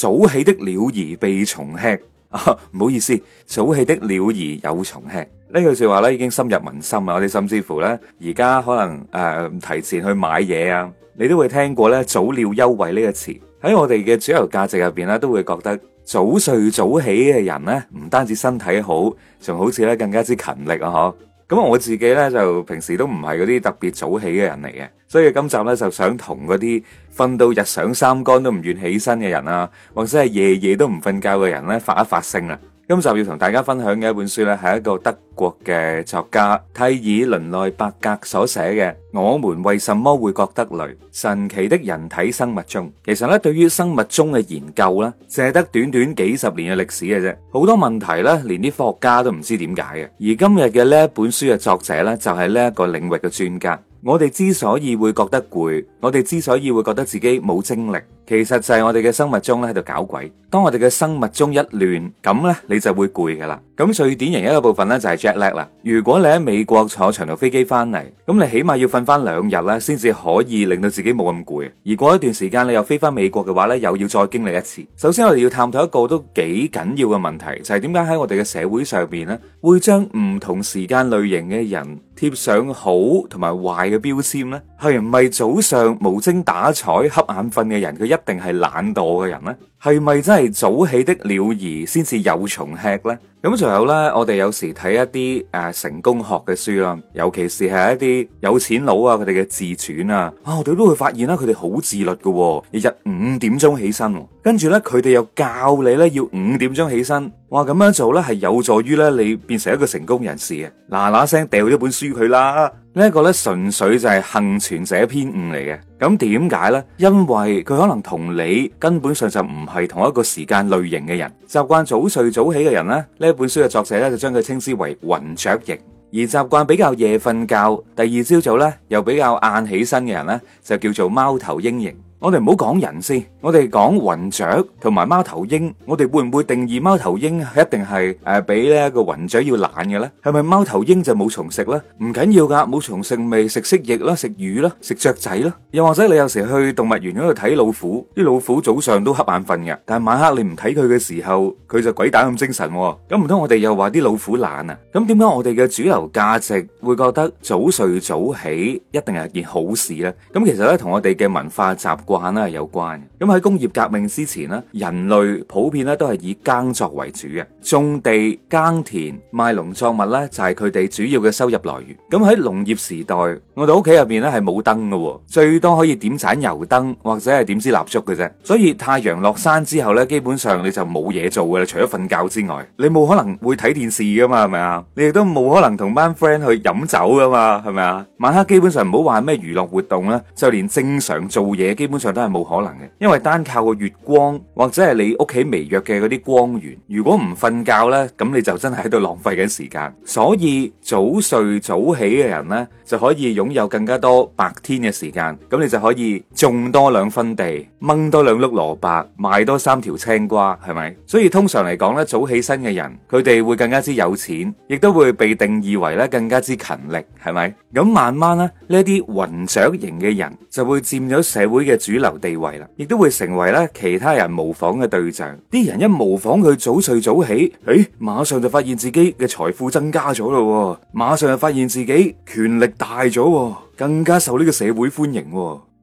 早起的鳥兒被蟲吃，啊、唔好意思，早起的鳥兒有蟲吃。呢句說話咧已經深入民心啊！我哋甚至乎呢，而家可能誒、呃、提前去買嘢啊，你都會聽過咧，早鳥優惠呢個詞。喺我哋嘅主流價值入邊咧，都會覺得早睡早起嘅人呢，唔單止身體好，仲好似咧更加之勤力啊！嗬。咁我自己呢，就平時都唔係嗰啲特別早起嘅人嚟嘅，所以今集呢，就想同嗰啲瞓到日上三竿都唔願起身嘅人啊，或者係夜夜都唔瞓覺嘅人呢，發一發聲啊！今集要同大家分享嘅一本書咧，係一個德國嘅作家蒂爾倫內伯格所寫嘅《我們為什麼會覺得累？神奇的人體生物鐘》。其實咧，對於生物鐘嘅研究咧，借得短短幾十年嘅歷史嘅啫，好多問題咧，連啲科學家都唔知點解嘅。而今日嘅呢一本書嘅作者咧，就係呢一個領域嘅專家。我哋之所以會覺得攰，我哋之所以會覺得自己冇精力，其實就係我哋嘅生物鐘咧喺度搞鬼。當我哋嘅生物鐘一亂，咁咧你就會攰噶啦。咁最典型一個部分咧就係 jet lag 啦。如果你喺美國坐長途飛機翻嚟，咁你起碼要瞓翻兩日啦，先至可以令到自己冇咁攰。而過一段時間你又飛翻美國嘅話咧，又要再經歷一次。首先我哋要探討一個都幾緊要嘅問題，就係點解喺我哋嘅社會上邊咧，會將唔同時間類型嘅人貼上好同埋壞嘅標籤咧，係唔係早上無精打采、瞌眼瞓嘅人，佢一定係懶惰嘅人咧？係咪真係早起的鳥兒先至有蟲吃呢？咁仲有呢，我哋有時睇一啲誒、呃、成功學嘅書啦，尤其是係一啲有錢佬啊佢哋，嘅自傳啊，啊，我哋都會發現啦，佢哋好自律噶，日日五點鐘起身，跟住呢，佢哋又教你呢，要五點鐘起身，哇咁樣做呢，係有助於呢，你變成一個成功人士啊，嗱嗱聲掉咗本書佢啦。呢一個咧，純粹就係幸存者偏誤嚟嘅，咁點解呢？因為佢可能同你根本上就唔係同一個時間類型嘅人，習慣早睡早起嘅人呢，呢本書嘅作者咧，就將佢稱之為雲雀型，而習慣比較夜瞓覺，第二朝早呢，又比較晏起身嘅人呢，就叫做貓頭鷹型。我哋唔好講人先。我哋講雲雀同埋貓頭鷹，我哋會唔會定義貓頭鷹係一定係誒比呢個雲雀要懶嘅咧？係咪貓頭鷹就冇蟲食咧？唔緊要噶，冇蟲食咪食蜥蜴啦，食魚啦，食雀仔啦。又或者你有時去動物園嗰度睇老虎，啲老虎早上都瞌眼瞓嘅，但係晚黑你唔睇佢嘅時候，佢就鬼打咁精神喎。咁唔通我哋又話啲老虎懶啊？咁點解我哋嘅主流價值會覺得早睡早起一定係件好事咧？咁其實咧同我哋嘅文化習慣咧係有關。咁喺工業革命之前咧，人類普遍咧都係以耕作為主嘅，種地、耕田、賣農作物咧就係佢哋主要嘅收入來源。咁喺農業時代，我哋屋企入邊咧係冇燈㗎，最多可以點盞油燈或者係點支蠟燭嘅啫。所以太陽落山之後咧，基本上你就冇嘢做嘅喇，除咗瞓覺之外，你冇可能會睇電視㗎嘛，係咪啊？你亦都冇可能同班 friend 去飲酒㗎嘛，係咪啊？晚黑基本上唔好話咩娛樂活動啦，就連正常做嘢基本上都係冇可能嘅，因為單靠個月光或者係你屋企微弱嘅嗰啲光源，如果唔瞓覺咧，咁你就真係喺度浪費緊時間。所以早睡早起嘅人咧，就可以擁有更加多白天嘅時間。咁你就可以種多兩分地，掹多兩碌蘿蔔，賣多三條青瓜，係咪？所以通常嚟講咧，早起身嘅人，佢哋會更加之有錢，亦都會被定義為咧更加之勤力，係咪？咁慢慢咧，呢一啲雲雀型嘅人就會佔咗社會嘅主流地位啦，亦都會。成為咧其他人模仿嘅對象，啲人一模仿佢早睡早起，誒、哎，馬上就發現自己嘅財富增加咗咯，馬上就發現自己權力大咗，更加受呢個社會歡迎，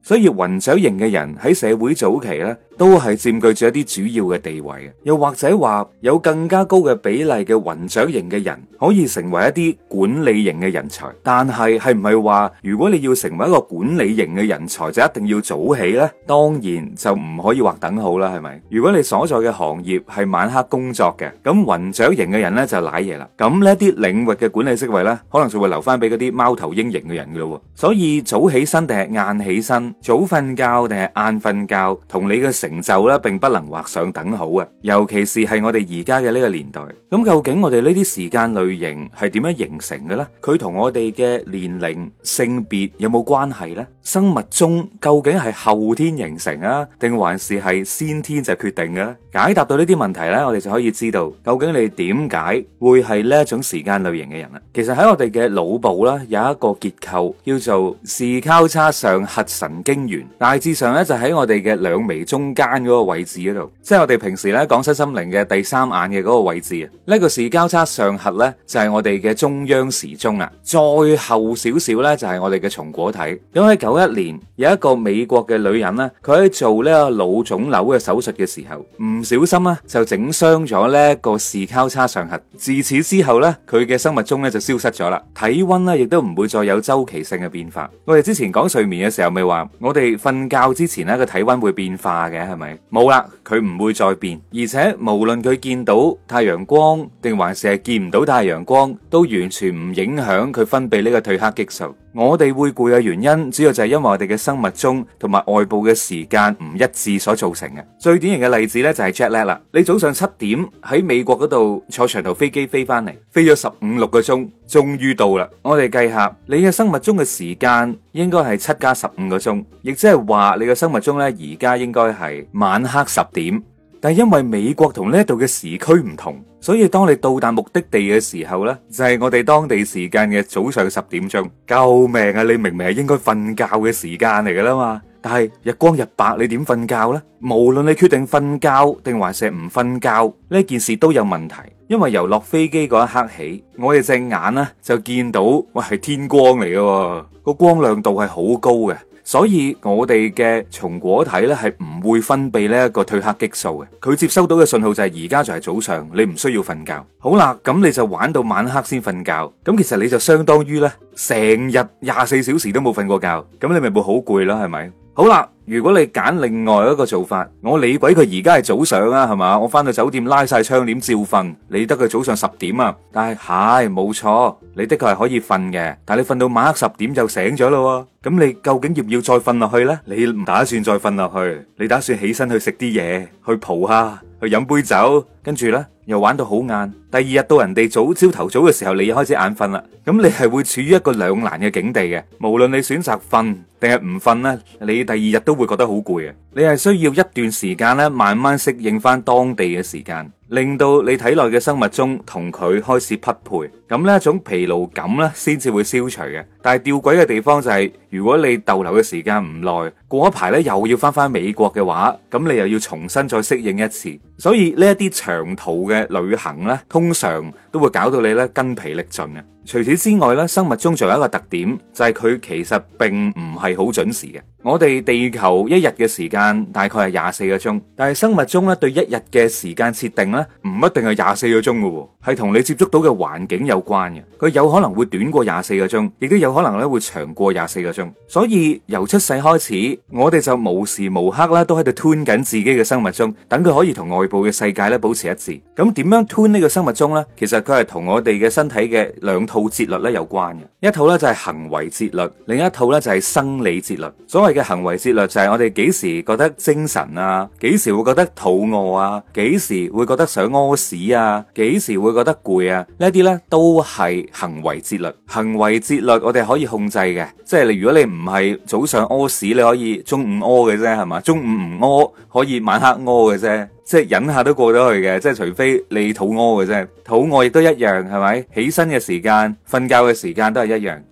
所以雲雀型嘅人喺社會早期咧。都係佔據住一啲主要嘅地位嘅，又或者話有更加高嘅比例嘅雲雀型嘅人可以成為一啲管理型嘅人才，但係係唔係話如果你要成為一個管理型嘅人才就一定要早起呢？當然就唔可以畫等號啦，係咪？如果你所在嘅行業係晚黑工作嘅，咁雲雀型嘅人呢就瀨嘢啦。咁呢一啲領域嘅管理職位呢，可能就會留翻俾嗰啲貓頭鷹型嘅人㗎咯。所以早起身定係晏起身，早瞓覺定係晏瞓覺，同你嘅成成就咧，並不能畫上等號啊，尤其是係我哋而家嘅呢個年代。咁究竟我哋呢啲時間類型係點樣形成嘅咧？佢同我哋嘅年齡、性別有冇關係咧？生物鐘究竟係後天形成啊，定還是係先天就決定嘅咧？解答到呢啲問題咧，我哋就可以知道究竟你點解會係呢一種時間類型嘅人啦。其實喺我哋嘅腦部咧，有一個結構叫做視交叉上核神經元，大致上咧就喺我哋嘅兩眉中。間嗰個位置嗰度，即係我哋平時咧講身心靈嘅第三眼嘅嗰個位置啊。呢個視交叉上核咧就係我哋嘅中央時鐘啊，再後少少咧就係我哋嘅松果體。咁喺九一年有一個美國嘅女人呢，佢喺做呢個腦腫瘤嘅手術嘅時候唔小心咧就整傷咗呢個視交叉上核，自此之後呢，佢嘅生物鐘咧就消失咗啦，體溫呢，亦都唔會再有週期性嘅變化。我哋之前講睡眠嘅時候，咪話我哋瞓覺之前呢個體溫會變化嘅。係咪冇啦？佢唔會再變，而且無論佢見到太陽光定還是係見唔到太陽光，都完全唔影響佢分泌呢個褪黑激素。我哋會攰嘅原因，主要就係因為我哋嘅生物鐘同埋外部嘅時間唔一致所造成嘅。最典型嘅例子呢，就係 Jet Lag 啦。你早上七點喺美國嗰度坐長途飛機飛翻嚟，飛咗十五六個鐘，終於到啦。我哋計下，你嘅生物鐘嘅時間應該係七加十五個鐘，亦即係話你嘅生物鐘呢，而家應該係晚黑十點，但係因為美國同呢度嘅時區唔同。所以當你到達目的地嘅時候呢，就係我哋當地時間嘅早上十點鐘。救命啊！你明明係應該瞓覺嘅時間嚟噶啦嘛，但係日光日白，你點瞓覺呢？無論你決定瞓覺定還是唔瞓覺，呢件事都有問題。因為由落飛機嗰一刻起，我哋隻眼呢就見到，喂係天光嚟噶，個光亮度係好高嘅。所以我哋嘅松果體呢，係唔會分泌呢一個褪黑激素嘅，佢接收到嘅信號就係而家就係早上，你唔需要瞓覺。好啦，咁你就玩到晚黑先瞓覺，咁其實你就相當於呢，成日廿四小時都冇瞓過覺，咁你咪會好攰咯，係咪？好啦。如果你揀另外一個做法，我理鬼佢而家係早上啊，係嘛？我翻到酒店拉晒窗簾照瞓，理得佢早上十點啊。但係，係冇錯，你的確係可以瞓嘅，但係你瞓到晚黑十點就醒咗咯。咁你究竟要唔要再瞓落去呢？你唔打算再瞓落去，你打算起身去食啲嘢，去蒲下。去飲杯酒，跟住呢又玩到好晏。第二日到人哋早朝頭早嘅時候，你又開始眼瞓啦。咁你係會處於一個兩難嘅境地嘅。無論你選擇瞓定係唔瞓呢，你第二日都會覺得好攰啊。你係需要一段時間呢，慢慢適應翻當地嘅時間，令到你體內嘅生物鐘同佢開始匹配。咁呢一種疲勞感呢，先至會消除嘅。但係吊詭嘅地方就係，如果你逗留嘅時間唔耐，過一排呢又要翻翻美國嘅話，咁你又要重新再適應一次。所以呢一啲長途嘅旅行呢，通常都會搞到你呢筋疲力盡啊！除此之外呢，生物鐘仲有一個特點，就係佢其實並唔係好準時嘅。我哋地球一日嘅時間大概係廿四個鐘，但係生物鐘呢，對一日嘅時間設定呢，唔一定係廿四個鐘噶，係同你接觸到嘅環境有關嘅。佢有可能會短過廿四個鐘，亦都有可能咧會長過廿四個鐘。所以由出世開始，我哋就無時無刻咧都喺度吞緊自己嘅生物鐘，等佢可以同外。部嘅世界咧保持一致，咁點樣 tune 呢個生物鐘咧？其實佢係同我哋嘅身體嘅兩套節律咧有關嘅。一套咧就係行為節律，另一套咧就係生理節律。所謂嘅行為節律就係我哋幾時覺得精神啊，幾時會覺得肚餓啊，幾時會覺得想屙屎啊，幾時會覺得攰啊？呢一啲咧都係行為節律。行為節律我哋可以控制嘅，即係你如果你唔係早上屙屎，你可以中午屙嘅啫，係嘛？中午唔屙可以晚黑屙嘅啫。即係忍下都過咗去嘅，即係除非你肚屙嘅啫。肚餓亦都一樣，係咪？起身嘅時間、瞓覺嘅時間都係一樣。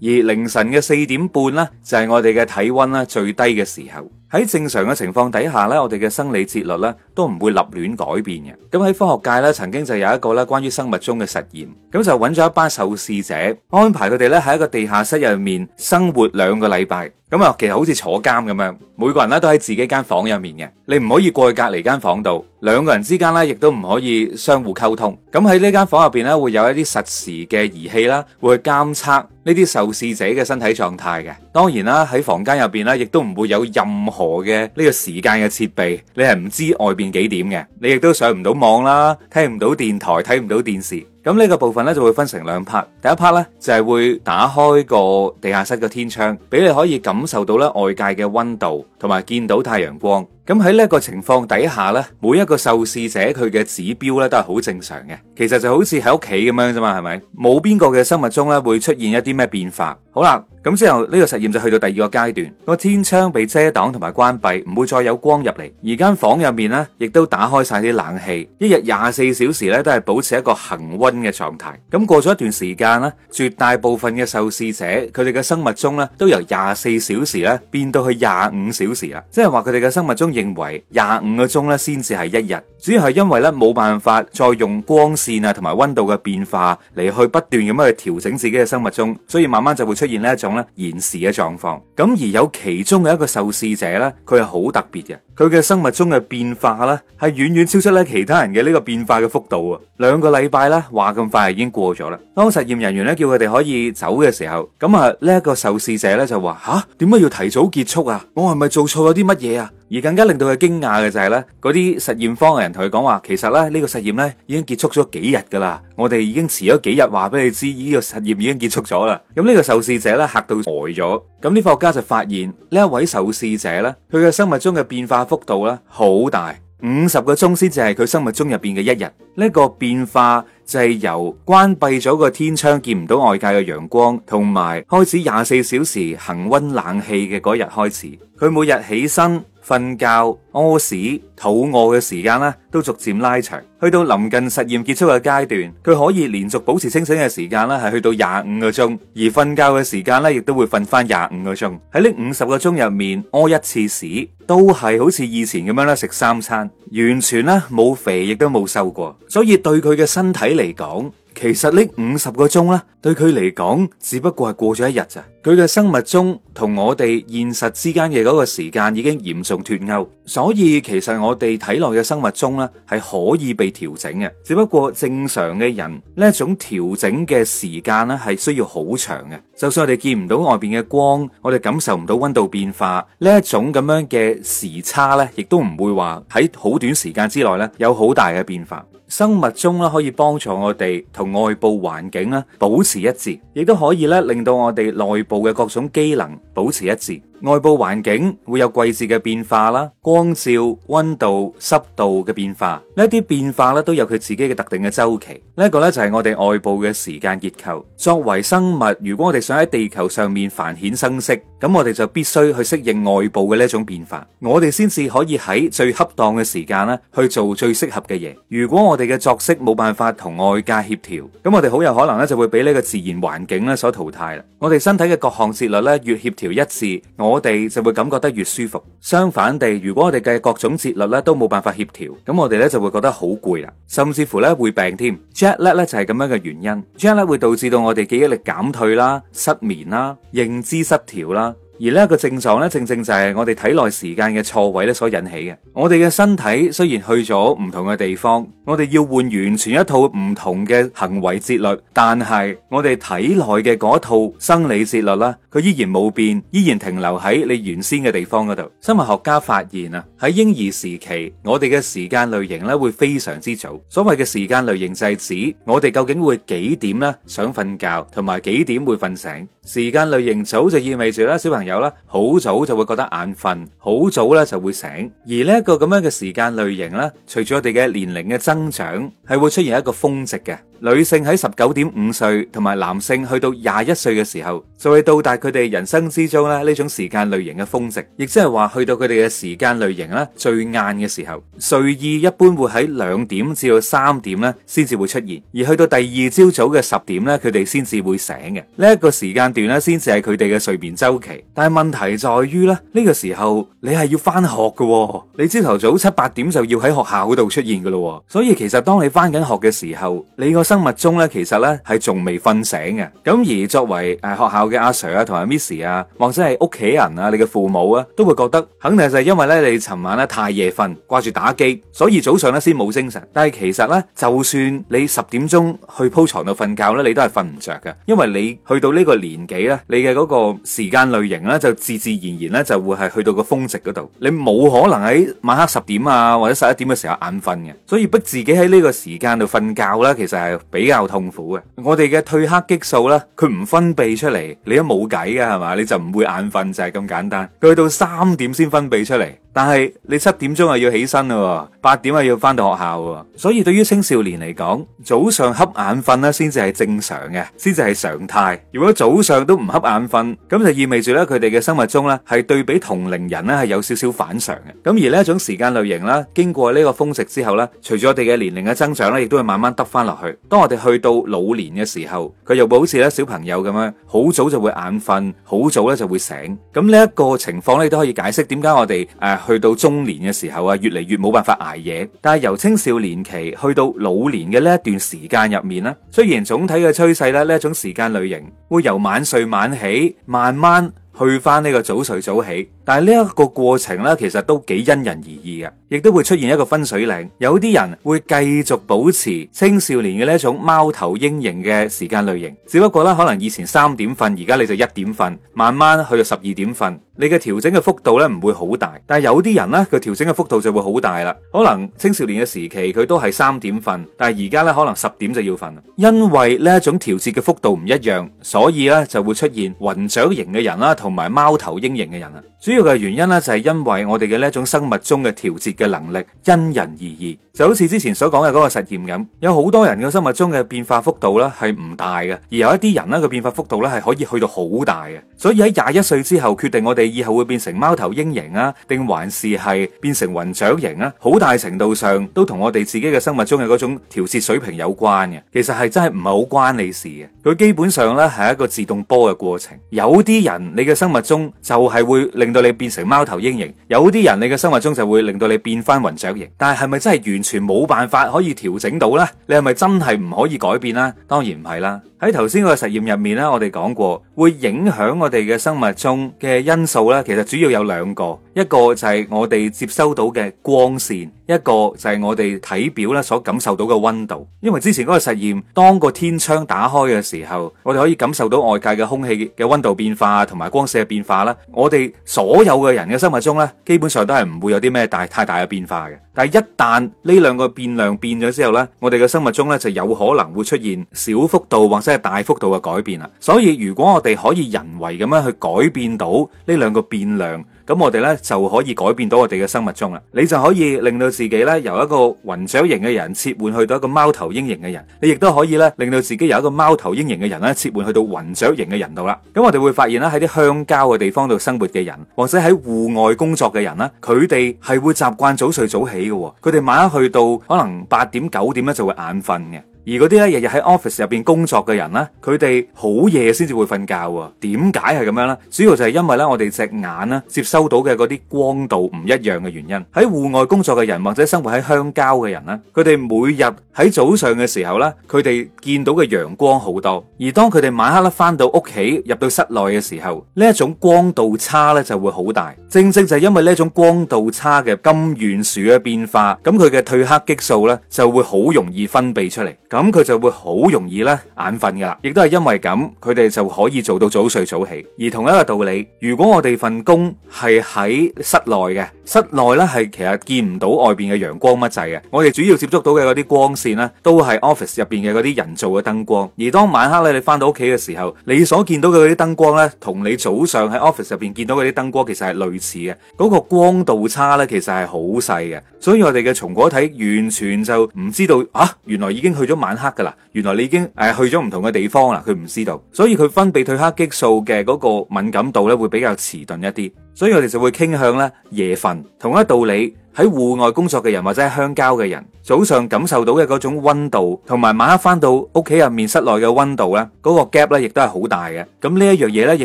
而凌晨嘅四點半呢，就係我哋嘅體温呢最低嘅時候。喺正常嘅情況底下呢，我哋嘅生理節律呢都唔會立亂改變嘅。咁喺科學界呢，曾經就有一個呢關於生物鐘嘅實驗，咁就揾咗一班受試者，安排佢哋呢喺一個地下室入面生活兩個禮拜，咁啊，其實好似坐監咁樣，每個人呢都喺自己間房入面嘅，你唔可以過去隔離間房度，兩個人之間呢亦都唔可以相互溝通。咁喺呢間房入邊呢，會有一啲實時嘅儀器啦，會去監測。呢啲受試者嘅身體狀態嘅，當然啦，喺房間入邊啦，亦都唔會有任何嘅呢個時間嘅設備，你係唔知外邊幾點嘅，你亦都上唔到網啦，聽唔到電台，睇唔到電視。咁呢個部分呢就會分成兩 part，第一 part 呢，就係會打開個地下室嘅天窗，俾你可以感受到呢外界嘅溫度，同埋見到太陽光。咁喺呢一個情況底下呢，每一個受試者佢嘅指標呢都係好正常嘅，其實就好似喺屋企咁樣啫嘛，係咪？冇邊個嘅生物鐘呢會出現一啲咩變化？好啦。咁之後呢個實驗就去到第二個階段，個天窗被遮擋同埋關閉，唔會再有光入嚟，而間房入面呢，亦都打開晒啲冷氣，一日廿四小時呢，都係保持一個恆溫嘅狀態。咁過咗一段時間呢，絕大部分嘅受試者佢哋嘅生物鐘呢，都由廿四小時咧變到去廿五小時啦，即係話佢哋嘅生物鐘認為廿五個鐘呢先至係一日。主要係因為呢冇辦法再用光線啊同埋溫度嘅變化嚟去不斷咁樣去調整自己嘅生物鐘，所以慢慢就會出現呢一種。現時嘅狀況，咁而有其中嘅一個受試者咧，佢係好特別嘅。佢嘅生物鐘嘅變化咧，係遠遠超出咧其他人嘅呢個變化嘅幅度啊！兩個禮拜啦，話咁快已經過咗啦。當實驗人員咧叫佢哋可以走嘅時候，咁啊呢一個受試者咧就話：吓，點解要提早結束啊？我係咪做錯咗啲乜嘢啊？而更加令到佢驚訝嘅就係咧，嗰啲實驗方嘅人同佢講話，其實咧呢個實驗咧已經結束咗幾日㗎啦，我哋已經遲咗幾日話俾你知，呢個實驗已經結束咗啦。咁呢個受試者咧嚇到呆咗。咁呢個科學家就發現呢一位受試者咧，佢嘅生物鐘嘅變化。幅度咧好大，五十個鐘先至係佢生物鐘入邊嘅一日。呢個變化就係由關閉咗個天窗，見唔到外界嘅陽光，同埋開始廿四小時恆溫冷氣嘅嗰日開始。佢每日起身。瞓覺、屙屎、肚餓嘅時間咧，都逐漸拉長，去到臨近實驗結束嘅階段，佢可以連續保持清醒嘅時間咧係去到廿五個鐘，而瞓覺嘅時間咧亦都會瞓翻廿五個鐘。喺呢五十個鐘入面，屙一次屎都係好似以前咁樣咧，食三餐，完全咧冇肥亦都冇瘦過，所以對佢嘅身體嚟講。其實呢五十個鐘咧，對佢嚟講，只不過係過咗一日咋。佢嘅生物鐘同我哋現實之間嘅嗰個時間已經嚴重脫鈎。所以其實我哋體內嘅生物鐘咧係可以被調整嘅，只不過正常嘅人呢一種調整嘅時間咧係需要好長嘅。就算我哋見唔到外邊嘅光，我哋感受唔到溫度變化呢一種咁樣嘅時差咧，亦都唔會話喺好短時間之內咧有好大嘅變化。生物鐘咧可以幫助我哋同外部環境咧保持一致，亦都可以咧令到我哋內部嘅各種機能保持一致。外部環境會有季節嘅變化啦，光照、溫度、濕度嘅變化呢啲變化咧都有佢自己嘅特定嘅周期。呢一個咧就係我哋外部嘅時間結構。作為生物，如果我哋想喺地球上面繁衍生息，咁我哋就必須去適應外部嘅呢一種變化，我哋先至可以喺最恰當嘅時間咧去做最適合嘅嘢。如果我哋嘅作息冇辦法同外界協調，咁我哋好有可能咧就會俾呢個自然環境咧所淘汰啦。我哋身體嘅各項節律咧越協調一致，我哋就會感覺得越舒服。相反地，如果我哋嘅各種節律咧都冇辦法協調，咁我哋咧就會覺得好攰啦，甚至乎咧會病添，啊。jet lag 咧就係、是、咁樣嘅原因，jet lag 會導致到我哋記憶力減退啦、失眠啦、認知失調啦。而呢一個症狀咧，正正就係我哋體內時間嘅錯位咧所引起嘅。我哋嘅身體雖然去咗唔同嘅地方，我哋要換完全一套唔同嘅行為節律，但係我哋體內嘅嗰套生理節律咧，佢依然冇變，依然停留喺你原先嘅地方嗰度。生物學家發現啊，喺嬰兒時期，我哋嘅時間類型咧會非常之早。所謂嘅時間類型就係指我哋究竟會幾點咧想瞓覺，同埋幾點會瞓醒。時間類型早就意味住咧小朋友。有啦，好早就會覺得眼瞓，好早咧就會醒。而呢一個咁樣嘅時間類型咧，隨住我哋嘅年齡嘅增長，係會出現一個峰值嘅。女性喺十九點五歲同埋男性去到廿一歲嘅時候，就會到達佢哋人生之中咧呢種時間類型嘅峰值，亦即係話去到佢哋嘅時間類型咧最晏嘅時候，睡意一般會喺兩點至到三點咧先至會出現，而去到第二朝早嘅十點咧，佢哋先至會醒嘅呢一個時間段咧，先至係佢哋嘅睡眠週期。但係問題在於咧，呢、這個時候你係要翻學嘅、哦，你朝頭早七八點就要喺學校度出現噶咯、哦。所以其實當你翻緊學嘅時候，你個生物鐘咧，其實咧係仲未瞓醒嘅。咁而作為誒、呃、學校嘅阿 Sir 啊，同埋 Miss 啊，或者係屋企人啊，你嘅父母啊，都會覺得肯定就係因為咧你尋晚咧太夜瞓，掛住打機，所以早上咧先冇精神。但係其實咧，就算你十點鐘去鋪床度瞓覺咧，你都係瞓唔着嘅，因為你去到呢個年紀咧，你嘅嗰個時間類型咧，就自自然然咧就會係去到個峰值嗰度。你冇可能喺晚黑十點啊，或者十一點嘅時候眼瞓嘅。所以逼自己喺呢個時間度瞓覺咧，其實係比較痛苦嘅，我哋嘅褪黑激素咧，佢唔分泌出嚟，你都冇計噶係嘛，你就唔會眼瞓就係咁簡單，佢去到三點先分泌出嚟。但係你七點鐘啊要起身咯，八點啊要翻到學校，所以對於青少年嚟講，早上瞌眼瞓咧先至係正常嘅，先至係常態。如果早上都唔瞌眼瞓，咁就意味住咧佢哋嘅生物鐘咧係對比同齡人咧係有少少反常嘅。咁而呢一種時間類型咧，經過呢個峰值之後咧，隨住我哋嘅年齡嘅增長咧，亦都會慢慢得翻落去。當我哋去到老年嘅時候，佢又會好似咧小朋友咁樣，好早就會眼瞓，好早咧就會醒。咁呢一個情況咧都可以解釋點解我哋誒。去到中年嘅時候啊，越嚟越冇辦法挨夜。但係由青少年期去到老年嘅呢一段時間入面咧，雖然總體嘅趨勢咧，呢一種時間類型會由晚睡晚起，慢慢。去翻呢個早睡早起，但係呢一個過程呢，其實都幾因人而異嘅，亦都會出現一個分水嶺。有啲人會繼續保持青少年嘅呢一種貓頭鷹型嘅時間類型，只不過呢，可能以前三點瞓，而家你就一點瞓，慢慢去到十二點瞓。你嘅調整嘅幅度呢，唔會好大，但係有啲人呢，佢調整嘅幅度就會好大啦。可能青少年嘅時期佢都係三點瞓，但係而家呢，可能十點就要瞓，因為呢一種調節嘅幅度唔一樣，所以呢，就會出現雲雀型嘅人啦同同埋貓頭鷹形嘅人啊，主要嘅原因咧就係因為我哋嘅呢一種生物鐘嘅調節嘅能力因人而異，就好似之前所講嘅嗰個實驗咁，有好多人嘅生物鐘嘅變化幅度咧係唔大嘅，而有一啲人咧個變化幅度咧係可以去到好大嘅，所以喺廿一歲之後決定我哋以後會變成貓頭鷹形啊，定還是係變成雲雀形啊，好大程度上都同我哋自己嘅生物鐘嘅嗰種調節水平有關嘅。其實係真係唔係好關你事嘅，佢基本上咧係一個自動波嘅過程，有啲人你嘅。生物鐘就係會令到你變成貓頭鷹型，有啲人你嘅生物鐘就會令到你變翻雲雀型，但係係咪真係完全冇辦法可以調整到呢？你係咪真係唔可以改變呢？當然唔係啦。喺頭先個實驗入面呢，我哋講過會影響我哋嘅生物鐘嘅因素呢，其實主要有兩個。一個就係我哋接收到嘅光線，一個就係我哋體表咧所感受到嘅溫度。因為之前嗰個實驗，當個天窗打開嘅時候，我哋可以感受到外界嘅空氣嘅溫度變化同埋光線嘅變化啦。我哋所有嘅人嘅生物鐘咧，基本上都係唔會有啲咩大太大嘅變化嘅。但係一旦呢兩個變量變咗之後咧，我哋嘅生物鐘咧就有可能會出現小幅度或者係大幅度嘅改變啊。所以如果我哋可以人為咁樣去改變到呢兩個變量。咁我哋咧就可以改變到我哋嘅生物鐘啦，你就可以令到自己咧由一個雲雀型嘅人切換去到一個貓頭鷹型嘅人，你亦都可以咧令到自己由一個貓頭鷹型嘅人咧切換去到雲雀型嘅人度啦。咁我哋會發現咧，喺啲鄉郊嘅地方度生活嘅人，或者喺戶外工作嘅人啦，佢哋係會習慣早睡早起嘅。哦，佢哋晚黑去到可能八點九點咧就會眼瞓嘅。而嗰啲咧日日喺 office 入邊工作嘅人咧，佢哋好夜先至會瞓覺，點解係咁樣呢？主要就係因為咧，我哋隻眼咧接收到嘅嗰啲光度唔一樣嘅原因。喺戶外工作嘅人或者生活喺鄉郊嘅人咧，佢哋每日喺早上嘅時候咧，佢哋見到嘅陽光好多。而當佢哋晚黑咧翻到屋企入到室內嘅時候，呢一種光度差咧就會好大。正正就係因為呢一種光度差嘅咁懸殊嘅變化，咁佢嘅褪黑激素咧就會好容易分泌出嚟。咁佢就會好容易咧眼瞓噶啦，亦都係因為咁，佢哋就可以做到早睡早起。而同一個道理，如果我哋份工係喺室內嘅，室內呢係其實見唔到外邊嘅陽光乜滯嘅，我哋主要接觸到嘅嗰啲光線呢，都係 office 入邊嘅嗰啲人造嘅燈光。而當晚黑咧，你翻到屋企嘅時候，你所見到嘅嗰啲燈光呢，同你早上喺 office 入邊見到嗰啲燈光其實係類似嘅，嗰個光度差呢，其實係好細嘅。所以我哋嘅松果體完全就唔知道啊，原來已經去咗。晚黑噶啦，原來你已經誒去咗唔同嘅地方啦，佢唔知道，所以佢分泌褪黑激素嘅嗰個敏感度咧會比較遲鈍一啲，所以我哋就會傾向咧夜瞓，同一道理。喺戶外工作嘅人或者喺鄉郊嘅人，早上感受到嘅嗰種温度，同埋晚黑翻到屋企入面室內嘅温度咧，嗰、嗰個 gap 咧亦都係好大嘅。咁呢一樣嘢咧，亦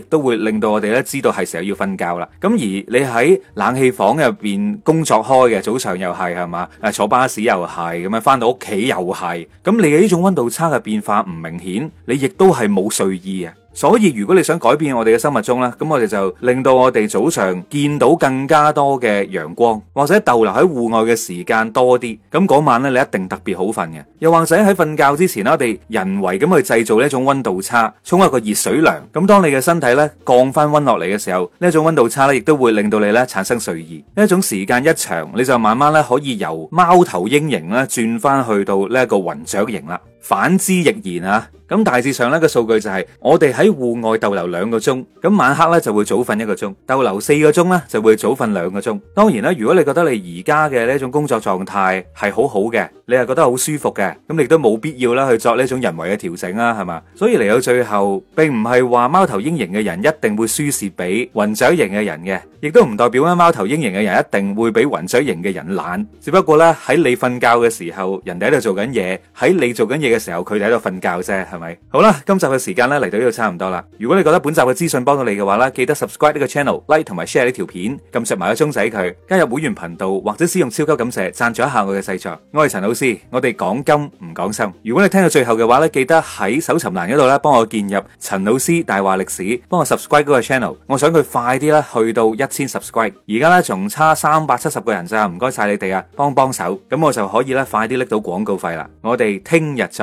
都會令到我哋咧知道係時候要瞓覺啦。咁而你喺冷氣房入邊工作開嘅早上又係係嘛？誒，坐巴士又係咁樣，翻到屋企又係咁，你嘅呢種温度差嘅變化唔明顯，你亦都係冇睡意嘅。所以如果你想改變我哋嘅生物鐘咧，咁我哋就令到我哋早上見到更加多嘅陽光，或者逗留喺戶外嘅時間多啲，咁嗰晚咧你一定特別好瞓嘅。又或者喺瞓覺之前啦，我哋人為咁去製造呢一種溫度差，沖一個熱水涼。咁當你嘅身體咧降翻溫落嚟嘅時候，呢一種溫度差咧，亦都會令到你咧產生睡意。呢一種時間一長，你就慢慢咧可以由貓頭鷹型咧轉翻去到呢一個雲雀型啦。反之亦然啊！咁大致上呢個數據就係，我哋喺戶外逗留兩個鐘，咁晚黑咧就會早瞓一個鐘；逗留四個鐘咧就會早瞓兩個鐘。當然啦，如果你覺得你而家嘅呢種工作狀態係好好嘅，你係覺得好舒服嘅，咁你都冇必要啦去作呢種人為嘅調整啦，係嘛？所以嚟到最後，並唔係話貓頭鷹型嘅人一定會輸蝕俾雲雀型嘅人嘅，亦都唔代表咧貓頭鷹型嘅人一定會俾雲雀型嘅人懶。只不過咧喺你瞓覺嘅時候，人哋喺度做緊嘢；喺你做緊嘢。嘅時候佢哋喺度瞓覺啫，係咪？好啦，今集嘅時間咧嚟到呢度差唔多啦。如果你覺得本集嘅資訊幫到你嘅話咧，記得 subscribe 呢個 channel、like 同埋 share 呢條片，撳著埋個鐘仔佢，加入會員頻道或者使用超級感謝，讚咗一下我嘅製作。我係陳老師，我哋講金唔講心。如果你聽到最後嘅話咧，記得喺搜尋欄嗰度咧幫我建入陳老師大話歷史，幫我 subscribe 嗰個 channel。我想佢快啲咧去到一千 subscribe，而家咧仲差三百七十個人咋，唔該晒你哋啊，幫幫手，咁我就可以咧快啲拎到廣告費啦。我哋聽日就。